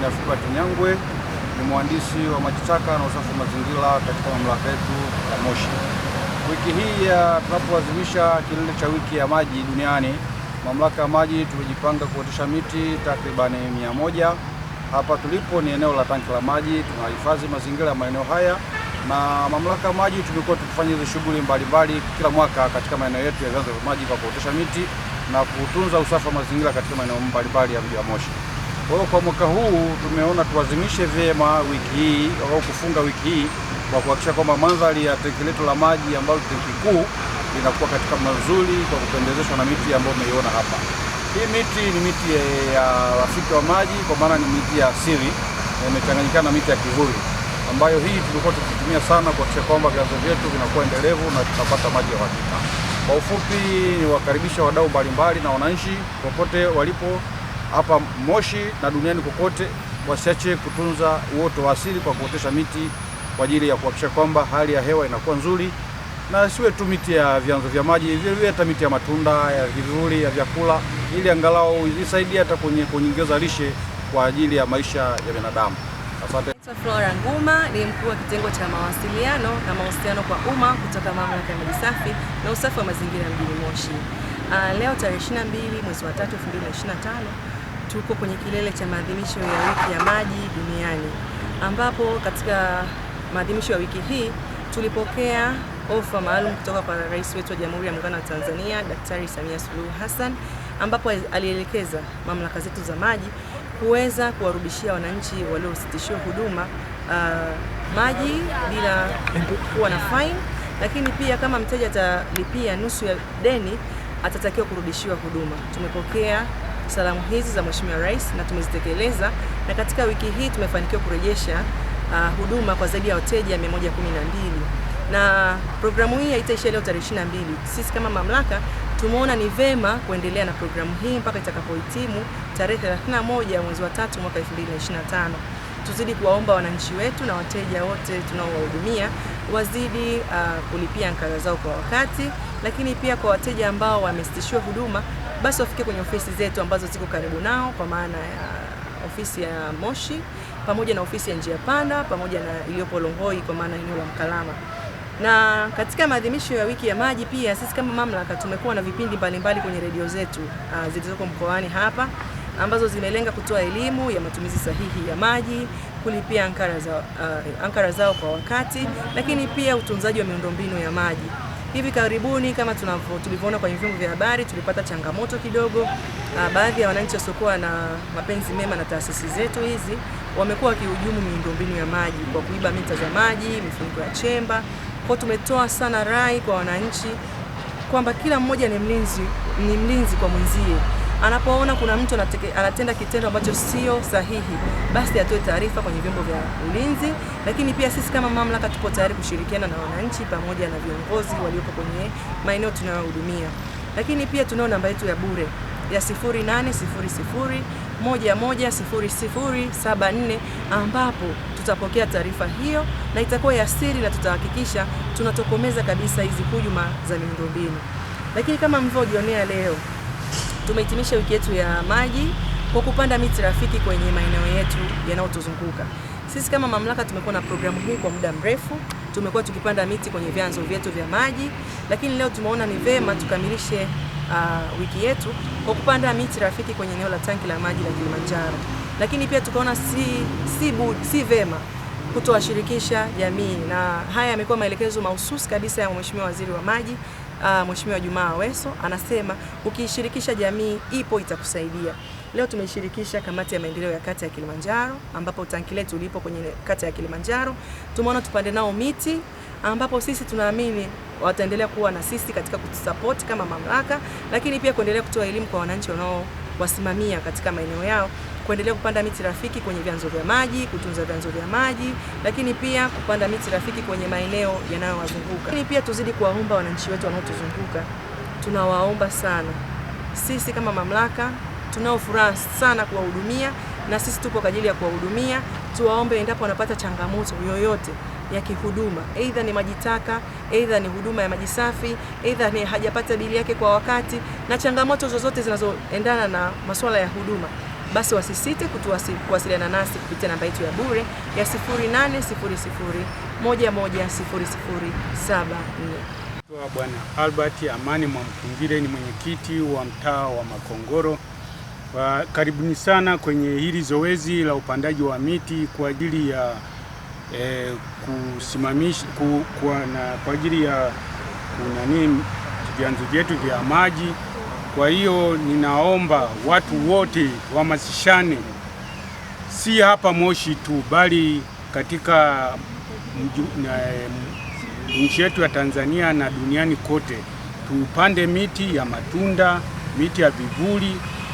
Injinia Filbert Nyangwe ni mhandisi wa maji taka na usafi wa mazingira katika mamlaka yetu ya Moshi. Wiki hii ya tunapoadhimisha kilele cha wiki ya maji duniani, mamlaka ya maji tumejipanga kuotesha miti takribani mia moja. Hapa tulipo ni eneo la tanki la maji, tunahifadhi mazingira ya maeneo haya na mamlaka ya maji tumekuwa tukifanya hizo shughuli mbalimbali kila mwaka katika maeneo yetu ya vyanzo vya maji kwa kuotesha miti na kutunza usafi wa mazingira katika maeneo mbalimbali ya mji wa Moshi. Kwa hiyo kwa mwaka huu tumeona tuwazimishe vyema wiki hii au kufunga wiki hii kwa kuhakikisha kwamba mandhari ya tenki letu la maji ambalo tenki kuu linakuwa katika mazuri kwa kupendezeshwa na miti ambayo umeiona hapa. Hii miti ni miti ya rafiki wa maji, kwa maana ni miti ya asili imechanganyikana na miti ya kivuli ambayo hii tulikuwa tukitumia sana kuhakikisha kwamba vyanzo vyetu vinakuwa endelevu na tunapata maji ya uhakika. Kwa ufupi, ni wakaribisha wadau mbalimbali na wananchi popote walipo hapa Moshi na duniani kokote, wasiache kutunza uoto wa asili kwa kuotesha miti kwa ajili ya kuhakikisha kwamba hali ya hewa inakuwa nzuri, na siwe tu miti ya vyanzo vya maji, vile hata miti ya matunda ya vivuli ya vyakula, ili angalau isaidie hata kwenye kuongeza lishe kwa ajili ya maisha ya binadamu. Asante. Flora Nguma ni mkuu wa kitengo cha mawasiliano na mahusiano kwa umma kutoka mamlaka ya maji safi na usafi wa mazingira mjini Moshi. Uh, leo tarehe 22 mwezi wa 3 2025 tuko kwenye kilele cha maadhimisho ya wiki ya maji duniani, ambapo katika maadhimisho ya wiki hii tulipokea ofa maalum kutoka kwa Rais wetu wa Jamhuri ya Muungano wa Tanzania Daktari Samia Suluhu Hassan, ambapo alielekeza mamlaka zetu za maji kuweza kuwarudishia wananchi waliositishiwa huduma uh, maji bila kuwa na fine, lakini pia kama mteja atalipia nusu ya deni atatakiwa kurudishiwa huduma. Tumepokea salamu hizi za Mheshimiwa Rais na tumezitekeleza, na katika wiki hii tumefanikiwa kurejesha uh, huduma kwa zaidi ya wateja 112 na programu hii haitaisha leo tarehe 22. Sisi kama mamlaka tumeona ni vema kuendelea na programu hii mpaka itakapohitimu tarehe 31 mwezi wa tatu mwaka 2025. Tuzidi kuwaomba wananchi wetu na wateja wote tunaowahudumia wazidi uh, kulipia ankara zao kwa wakati, lakini pia kwa wateja ambao wamesitishiwa huduma basi wafike kwenye ofisi zetu ambazo ziko karibu nao, kwa maana ya ofisi ya Moshi pamoja na ofisi ya Njia Panda pamoja na iliyopo Longoi kwa maana eneo la Mkalama. Na katika maadhimisho ya wiki ya maji pia sisi kama mamlaka tumekuwa na vipindi mbalimbali kwenye redio zetu uh, zilizoko mkoani hapa ambazo zimelenga kutoa elimu ya matumizi sahihi ya maji, kulipia ankara zao, uh, ah, ankara zao kwa wakati, lakini pia utunzaji wa miundombinu ya maji. Hivi karibuni kama tulivyoona kwenye vyombo vya habari, tulipata changamoto kidogo. Ah, baadhi ya wananchi wasiokuwa na mapenzi mema na taasisi zetu hizi wamekuwa wakihujumu miundombinu ya maji kwa kuiba mita za maji, mifuniko ya chemba. Kwa tumetoa sana rai kwa wananchi kwamba kila mmoja ni mlinzi, ni mlinzi kwa mwenzie anapoona kuna mtu anatenda kitendo ambacho sio sahihi, basi atoe taarifa kwenye vyombo vya ulinzi. Lakini pia sisi kama mamlaka tupo tayari kushirikiana na wananchi pamoja na viongozi walioko kwenye maeneo tunayohudumia. Lakini pia tunao namba yetu ya bure ya 0800110074 ambapo tutapokea taarifa hiyo na itakuwa ya siri na tutahakikisha tunatokomeza kabisa hizi hujuma za miundombinu. Lakini kama mlivyojionea leo tumehitimisha wiki yetu ya maji kwa kupanda miti rafiki kwenye maeneo yetu yanayotuzunguka. Sisi kama mamlaka tumekuwa na programu hii kwa muda mrefu, tumekuwa tukipanda miti kwenye vyanzo vyetu vya maji, lakini leo tumeona ni vema tukamilishe uh, wiki yetu kwa kupanda miti rafiki kwenye eneo la tanki la maji la Kilimanjaro, lakini pia tukaona si, si, si vema kutowashirikisha jamii, na haya yamekuwa maelekezo mahususi kabisa ya Mheshimiwa Waziri wa Maji uh, Mheshimiwa Juma Aweso anasema ukiishirikisha jamii ipo itakusaidia. Leo tumeshirikisha kamati ya maendeleo ya kata ya Kilimanjaro ambapo tanki letu lipo kwenye kata ya Kilimanjaro. Tumeona tupande nao miti ambapo sisi tunaamini wataendelea kuwa na sisi katika kutusapoti kama mamlaka, lakini pia kuendelea kutoa elimu kwa wananchi wanaowasimamia katika maeneo yao kuendelea kupanda miti rafiki kwenye vyanzo vya maji, kutunza vyanzo vya maji, lakini pia kupanda miti rafiki kwenye maeneo yanayowazunguka. Lakini pia tuzidi kuwaomba wananchi wetu wanaotuzunguka, tunawaomba sana. Sisi kama mamlaka tunao furaha sana kuwahudumia, na sisi tupo kwa ajili ya kuwahudumia. Tuwaombe endapo wanapata changamoto yoyote ya kihuduma, aidha ni maji taka, aidha ni huduma ya maji safi, aidha ni hajapata bili yake kwa wakati, na changamoto zozote zinazoendana na masuala ya huduma basi wasisite kuwasiliana nasi kupitia namba yetu ya bure ya 0800110074. Bwana Albert Amani Mwamkungire ni mwenyekiti wa mtaa wa Makongoro. Karibuni sana kwenye hili zoezi la upandaji wa miti kwa ajili ya eh, kusimamisha ku, kwa, na, kwa ajili ya kunani vyanzo vyetu vya maji kwa hiyo ninaomba watu wote wahamasishane, si hapa Moshi tu bali katika eh, nchi yetu ya Tanzania na duniani kote, tupande miti ya matunda, miti ya vivuli